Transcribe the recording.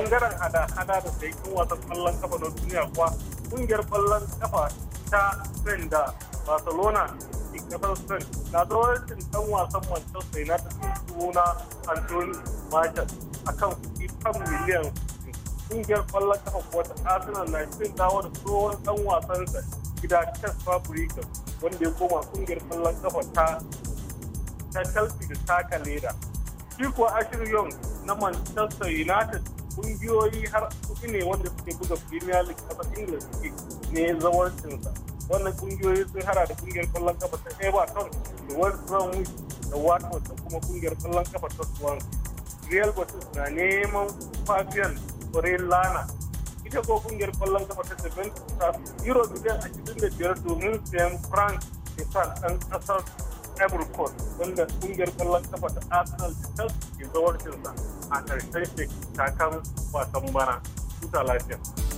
bangaren hada-hada da sayakin wasan kwallon kafa na duniya kuwa kungiyar kwallon kafa ta spain da barcelona ke kasar spain na tsawancin dan wasan manchester united suna antoni martin a kan kuɗi kan miliyan kungiyar kwallon kafa kuwa ta arsenal na cikin dawo da tsohon dan wasansa gida chess fabricas wanda ya koma kungiyar kwallon kafa ta ta chelsea da taka leda shi kuwa ashir young na manchester united kungiyoyi har kuɗi ne wanda suke buga premier league ƙasar england suke ne zawarcinsa wannan kungiyoyi sun hada da kungiyar kwallon kafa ta everton da west bromwich da watford da kuma kungiyar kwallon kafa ta swansea real betis na neman fabian orellana ita ko kungiyar kwallon kafa ta juventus ta euro 2025 da biyar domin sayan frank da ɗan ƙasar Ivory Coast wanda kungiyar kwallon kafa ta Arsenal ta ke zawarcinsa a karshen shekarar wasan bana. Tuta lafiya.